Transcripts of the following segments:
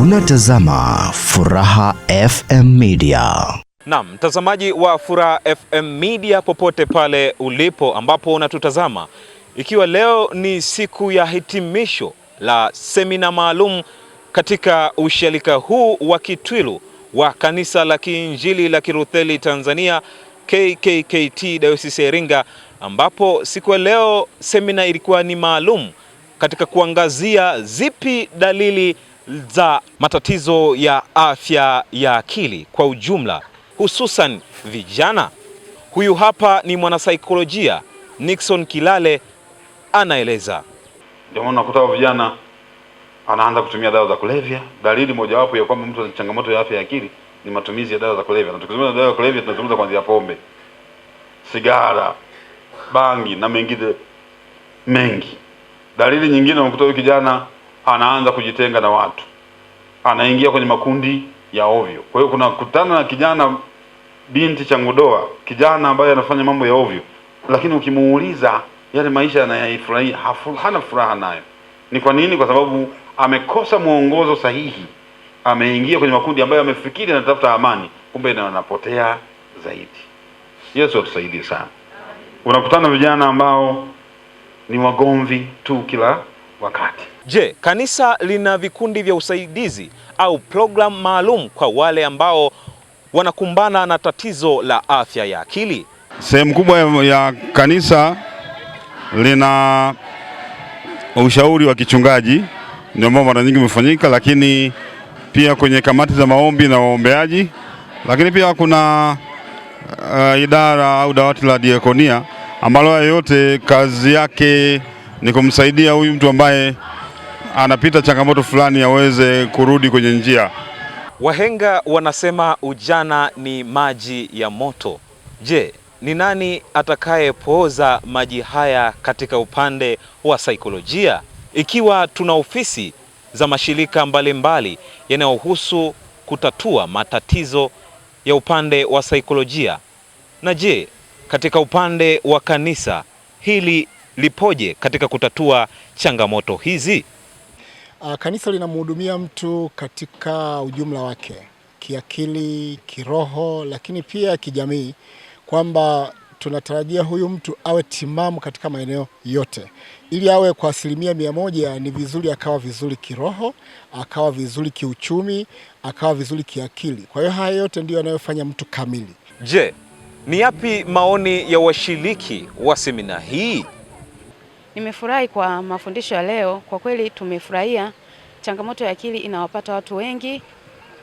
Unatazama Furaha FM Media. Naam, mtazamaji wa Furaha FM Media popote pale ulipo ambapo unatutazama, ikiwa leo ni siku ya hitimisho la semina maalum katika usharika huu wa Kitwilu wa Kanisa la Kiinjili la Kilutheri Tanzania KKKT Dayosisi ya Iringa, ambapo siku ya leo semina ilikuwa ni maalum katika kuangazia zipi dalili za matatizo ya afya ya akili kwa ujumla, hususan vijana. Huyu hapa ni mwanasaikolojia Nixon Kilale anaeleza. Ndio maana unakuta vijana anaanza kutumia dawa za kulevya. Dalili mojawapo ya kwamba mtu ana changamoto ya afya ya akili ni matumizi ya dawa za kulevya, na tukizungumza dawa za kulevya tunazungumza kwanzia pombe, sigara, bangi na mengine mengi. Dalili nyingine unakuta huyu kijana anaanza kujitenga na watu, anaingia kwenye makundi ya ovyo. Kwa hiyo kuna kutana na kijana binti changudoa, kijana ambaye anafanya mambo ya ovyo, lakini ukimuuliza yale maisha hafu, hana furaha nayo. Ni kwa nini? Kwa sababu amekosa mwongozo sahihi, ameingia kwenye makundi ambayo amefikiri anatafuta amani, kumbe anapotea zaidi. Yesu atusaidie sana. Unakutana vijana ambao ni wagomvi tu kila wakati. Je, kanisa lina vikundi vya usaidizi au programu maalum kwa wale ambao wanakumbana na tatizo la afya ya akili? Sehemu kubwa ya kanisa lina ushauri wa kichungaji, ndio ambao mara nyingi umefanyika, lakini pia kwenye kamati za maombi na waombeaji, lakini pia kuna uh, idara au dawati la diakonia ambalo yote kazi yake ni kumsaidia huyu mtu ambaye anapita changamoto fulani aweze kurudi kwenye njia. Wahenga wanasema ujana ni maji ya moto. Je, ni nani atakayepooza maji haya katika upande wa saikolojia? Ikiwa tuna ofisi za mashirika mbalimbali yanayohusu kutatua matatizo ya upande wa saikolojia, na je, katika upande wa kanisa hili lipoje katika kutatua changamoto hizi? Ah, kanisa linamhudumia mtu katika ujumla wake, kiakili, kiroho, lakini pia kijamii, kwamba tunatarajia huyu mtu awe timamu katika maeneo yote. Ili awe kwa asilimia mia moja, ni vizuri akawa vizuri kiroho, akawa vizuri kiuchumi, akawa vizuri kiakili. Kwa hiyo haya yote ndiyo yanayofanya mtu kamili. Je, ni yapi maoni ya washiriki wa semina hii? Nimefurahi kwa mafundisho ya leo, kwa kweli tumefurahia. Changamoto ya akili inawapata watu wengi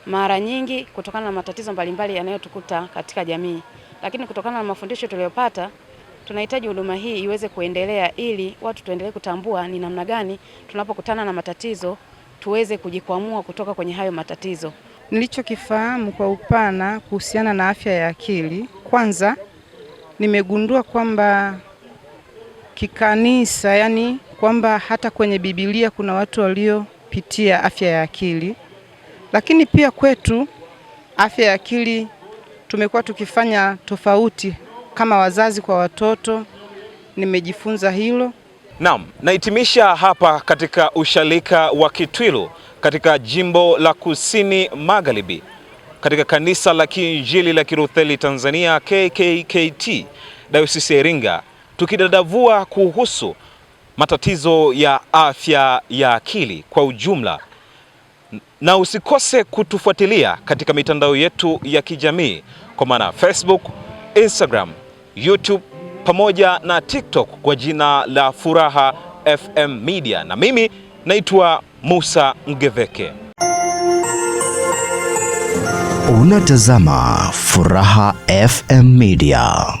mara nyingi kutokana na matatizo mbalimbali yanayotukuta katika jamii, lakini kutokana na mafundisho tuliyopata, tunahitaji huduma hii iweze kuendelea ili watu tuendelee kutambua ni namna gani tunapokutana na matatizo tuweze kujikwamua kutoka kwenye hayo matatizo. Nilichokifahamu kwa upana kuhusiana na afya ya akili, kwanza nimegundua kwamba kikanisa, yani kwamba hata kwenye Biblia kuna watu waliopitia afya ya akili, lakini pia kwetu afya ya akili tumekuwa tukifanya tofauti kama wazazi kwa watoto. Nimejifunza hilo. Naam, nahitimisha hapa katika ushalika wa Kitwilu katika jimbo la Kusini Magharibi katika kanisa la Kiinjili la Kilutheri Tanzania KKKT Dayosisi ya Iringa tukidadavua kuhusu matatizo ya afya ya akili kwa ujumla, na usikose kutufuatilia katika mitandao yetu ya kijamii kwa maana Facebook, Instagram, YouTube pamoja na TikTok kwa jina la Furaha FM Media, na mimi naitwa Musa Mgeveke. Unatazama Furaha FM Media.